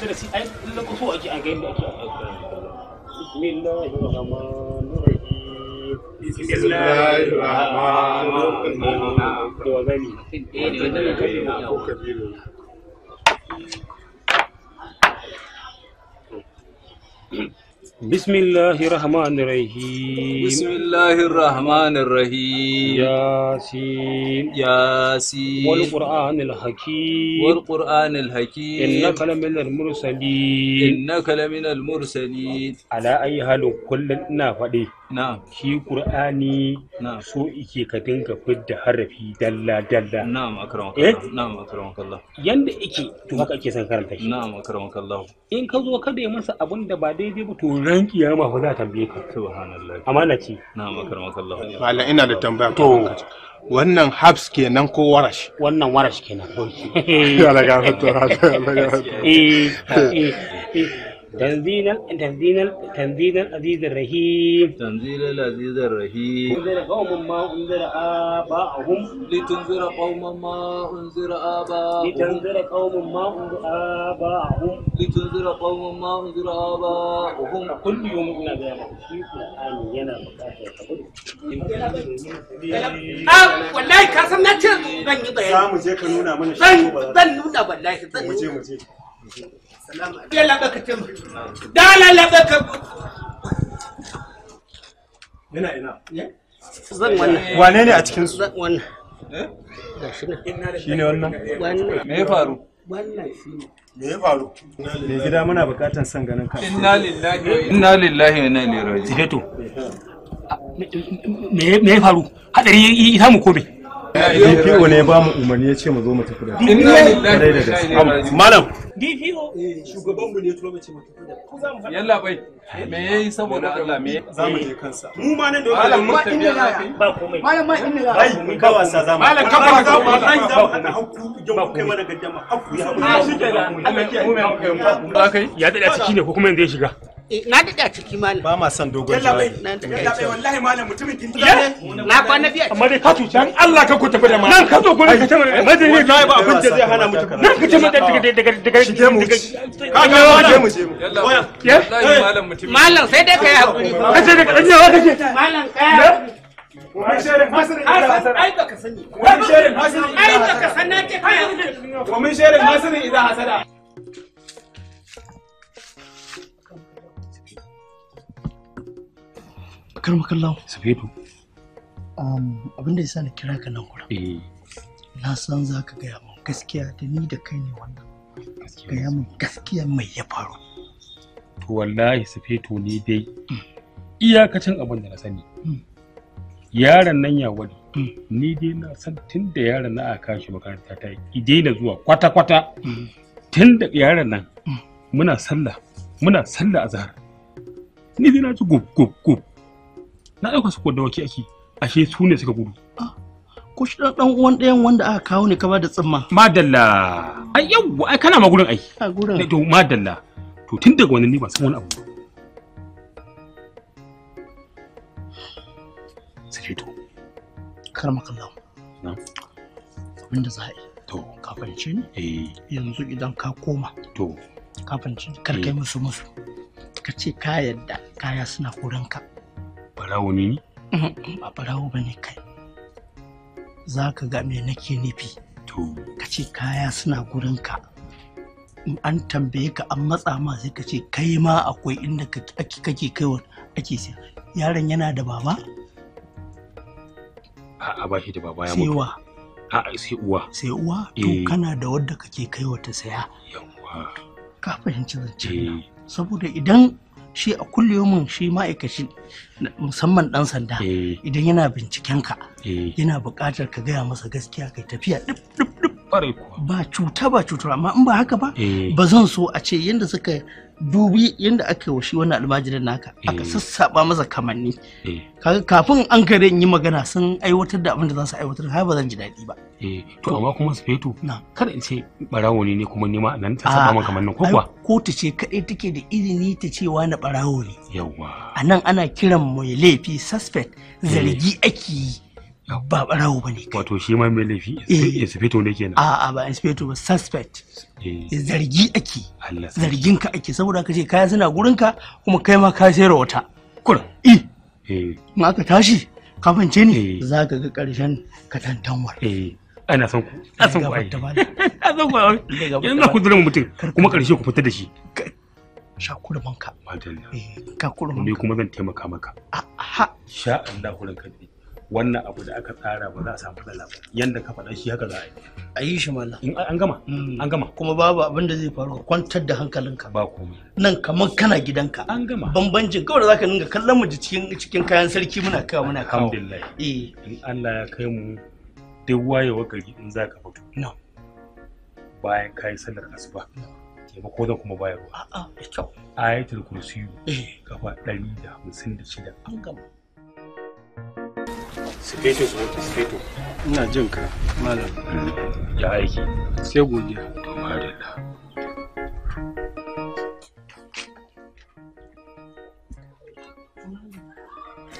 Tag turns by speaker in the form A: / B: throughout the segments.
A: darasi ai na kuso ake an ga yadda ake bismillahir rahmanir rahim بسم الله الرحمن الرحيم بسم الله الرحمن الرحيم ياسين ياسين والقرآن الحكيم والقرآن الحكيم إنك لمن المرسلين إنك لمن المرسلين على أي حال كلنا فدي shi qur'ani so ike ka dinga fidda harafi dalla dalla na'am eh? yanda ike to haka ake son karanta shi in ka zo kada ya masa abin da ba daidai ba to ran kiyama fa za ta tambaye ka subhanallah amana ce ina da tambaya to wannan habs kenan ko warash wannan warash kenan eh eh, eh. تنزيل تنزيل تنزيل العزيز الرحيم تنزيل العزيز الرحيم انذر قوما ما انذر اباهم لتنذر قوما ما انذر اباهم لتنذر قوما ما انذر اباهم لتنذر قوما ما انذر اباهم كل يوم من ذلك في القرآن ينا
B: wallahi ka san na ce zan yi bayani za من je ka nuna mana shi zan nuna wallahi
A: wane ne a cikin su shi ne wannan me ya faru me ya faru me gida muna bukatan son ganin ka inna lillahi inna lillahi inna me ya faru hadari ya samu me DPO ne ba mu umarni ya ce mu zo mu tafi da malam DPO eh, shugaban mu ne mu ce mu tafi da yalla bai me yayi saboda Allah me za mu je kansa mu ma nan da malam ma inda za ba komai malam ma inda za ai ka wasa za mu malam ka ba ka ba za mu hada hakku yau kai mana gaddama hakku ya mu shi kai ya dade a ciki ne ko kuma yanzu ya shiga
B: na daɗe a ciki malam ba ma son dogon jawabi yallaɓe
A: wallahi malam mutumin gindi ne na kwana biya amma dai ka cuce dan Allah ka ku da malam nan ka zo gurin ka ce mai rajin ne ba abin da zai hana mutum nan ka ce mai daga daga daga shige mu
B: ka ga wa je mu je mu wallahi malam sai dai kai hakuri ka ce daga danyawa kake malam kai ومن شر حسد إذا حسد
A: ومن شر ومن شر حسد إذا حسد
B: Kar ma kallon Um, abin da yasa na kira ka nan kura. Eh. Na san za ka gaya min gaskiya da ni da kai ne wannan.
A: Gaya min gaskiya mai ya faru. To wallahi Sufetu ne dai. Mm. Iyakacin abin da na sani. Mm. Yaron nan ya wani. Mm. Ni dai na san tun da yaron na a kashi makaranta ta yi daina zuwa kwata-kwata. Tun da yaron nan muna sallah muna sallah azhar. Ni dai na ci gub gub gub na ɗauka su da waki ake ashe su ne suka gudu ah, ko shi dan uwan ɗayan wanda aka kawo ne kaba da tsimma madalla ai Yau, ai kana magurin ai eh, to madalla to tun daga wannan ne ba san wani abu sai to kar kallon
B: na abinda za yi to ka fahimce ni eh yanzu idan ka koma to ka fahimce kar kai eh. musu musu ka ce ka yadda kaya suna koranka barawo ne ba barawo ba ne kai za ka ga me nake nufi to ka ce kaya suna gurinka in an tambaye ka an matsa ma sai ka ce kai ma akwai inda kake kake kaiwa ake sai yaron yana da baba
A: a a bashi da baba ya mutu a sai uwa sai uwa to eh. kana
B: da wadda kake kaiwa ta saya yawa ka fahimci zancen nan eh. saboda idan shi a kulliyomin shi ma'aikaci musamman dan sanda eh. idan yana binciken ka eh. yana bukatar ka gaya masa gaskiya kai tafiya dip dip ba cuta ba cutar amma in ba haka ba eh. ba zan so a ce yadda suka dubi yadda aka yi shi wannan almajirin naka aka eh. sassaba masa kamanni eh. kafin an kare yi magana sun aiwatar da abin da za su aiwatar har ba zan ji daɗi ba
A: to amma kuma su fetu kada in ce barawo ne kuma nema nan ta saba maka kamannin ko kuwa
B: ko ta ce kadai take da izini ta cewa wani barawo ne
A: yawa anan
B: ana kiran mai laifi suspect zargi ake yi ba barawo bane
A: kai wato shi ma mai laifi eh. inspector ne kenan
B: a'a ba inspector ba suspect
A: eh. Eh, zargi
B: ake zargin ka ake saboda ka ce kaya suna gurin ka kuma kai ma ka sayar wata kur i in aka tashi ka fance ne za ka ga karshen
A: katantanwar ana son ku a son ku ai a son ku yanzu na ku zira mutum kuma karshe ku fita da shi sha kurmanka ka ka ka. ni kuma zan taimaka maka a'a sha Allah kuranka ne wannan abu da aka tsara ba za a samu matsala ba yanda ka faɗa shi haka za a yi a yi shi mala an gama mm. an gama kuma babu abin da zai
B: faru kwantar da hankalinka ba komai nan kamar kana gidanka an gama bambancin kawai da zaka dinga kallon mu cikin cikin kayan
A: sarki muna kawo muna kawo alhamdulillah eh in Allah ya kai mu duk wayewa gari in za ka fito bayan kai sallar asuba taimako zan kuma bayarwa a'a ya kyau ayatul kursiyu eh. kafa 156 an gama sufeto sufeto ina jin ka malam ya aiki sai godiya to madalla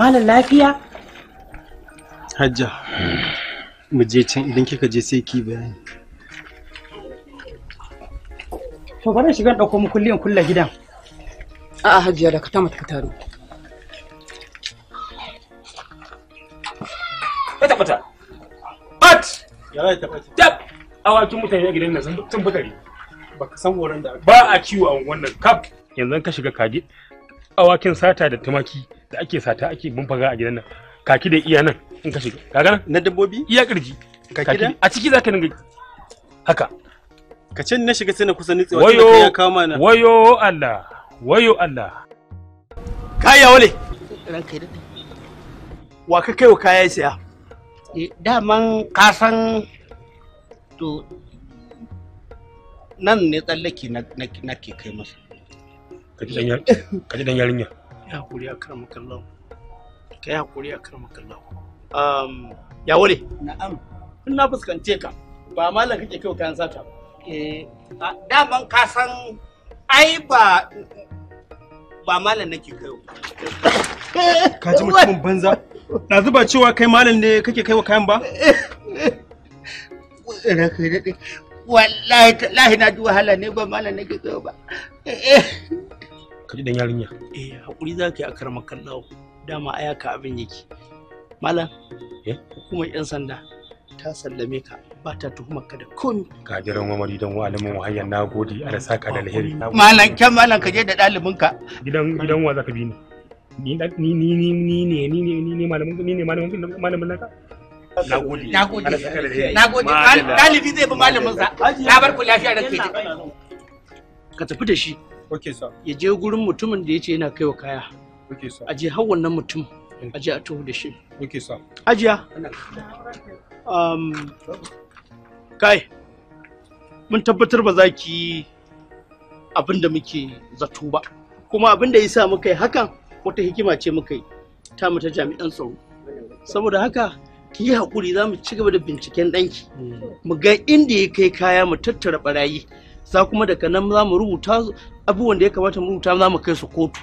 B: malam lafiya
A: hajja mu je can idan kika je sai ki bayani
B: to bari shiga dauko mu kulliyan kulla gidan a'a hajjiya da ka ta mata ka taro
A: bata bata but ya zai ta bata dab awakin mutane a gidan nan sun bakari baka san horon da ba a kiwo a wannan kaf yanzu ka shiga kage awakin sata da tumaki da ake sata ake bumfaga a gidan nan kaki da iya nan in ka shiga kaga nan na dabbobi iya kirji kaki da a ciki zaka dinga haka ka ce na shiga sai na kusa nitsewa wayo kama na wayo Allah wayo Allah kaya wale ranka wa ka kai wa kaya saya Eh, daman kasan
B: to nan ne tsallake
A: na ke kai masa kaji dan yarinya
B: ya hakuri a kan makallau ka yi hakuri a kan makallau ya wale na'am in na fuskance ka ba malam kake kai kayan sata ba eh, daman kasan ai ba ba malam nake kaiwa ka ji mutumin banza na zuba cewa kai malam ne kake kaiwa kayan ba wallahi na ji wahala ne ba malam nake kaiwa ba
A: ka ji dan yarinya
B: eh hakuri zaki yi a karma kallawo dama ayaka abin yake malam eh? hukumar yan sanda ta sallame ka ba ta tuhumar ka da komi
A: kajiran mamari don wa alamin wahayyan na gode ala saka da alheri malam kyan malam ka je da ɗalibin ka gidan gidan wa zaka bi ni ni ni ni ni ne ni ne ni ne malamin ni ne malamin malamin naka Nagode. Nagode. Nagode. Ɗalibi zai bi malaminsa. Na bar ku lafiya da ke.
B: Ka tafi da shi. Ya je gurin mutumin da ya ce yana kaiwa kaya. A je har wannan mutum. ajiya a tuhu da shi. Ajiya. kai mun tabbatar ba za ki yi abin da muke zato ba kuma abin da ya sa muka yi hakan wata hikima ce muka yi ta mu ta jami'an tsaro saboda haka ki yi hakuri za mu ci gaba da binciken ɗanki mu ga inda ya kai kaya mu tattara barayi za kuma daga nan za mu rubuta abubuwan da ya kamata mu rubuta za mu kai su kotu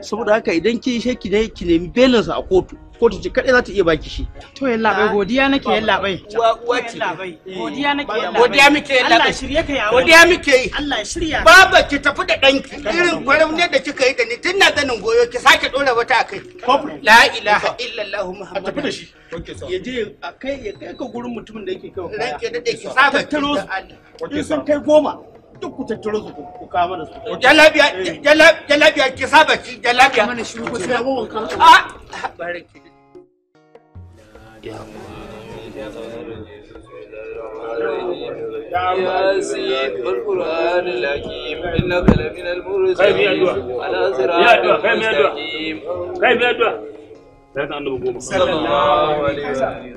B: saboda haka idan ki yi ki ne ki nemi belinsa a kotu ko ta ce kaɗai za ta iya baki shi. To ya labai godiya nake ya labai. Uwa ce. Eh, godiya nake ya labai. Godiya muke ya labai. Allah shirye ka yawo. Godiya muke yi. Allah shirya. Baba ki tafi da ɗanki irin gwaram ne da kika yi da ni tun na ganin goyo ki sake ɗora wata akai. La ilaha illallah Muhammad. A tafi da shi. Ya je a kai ya kai ka gurin mutumin da yake kawai. Ranke da ki saba ki da Allah. In sun kai goma. duk ku tattaro su ku kawo mana su. Jalabiya, eh. jalabiya ki saba ki jalabiya. Mana shi ko sai wankan. Ah, barki.
A: يا سيد القرآن الحكيم إنك لمن المرسلين على صراط مستقيم كيف يدعو؟ صلى الله عليه وسلم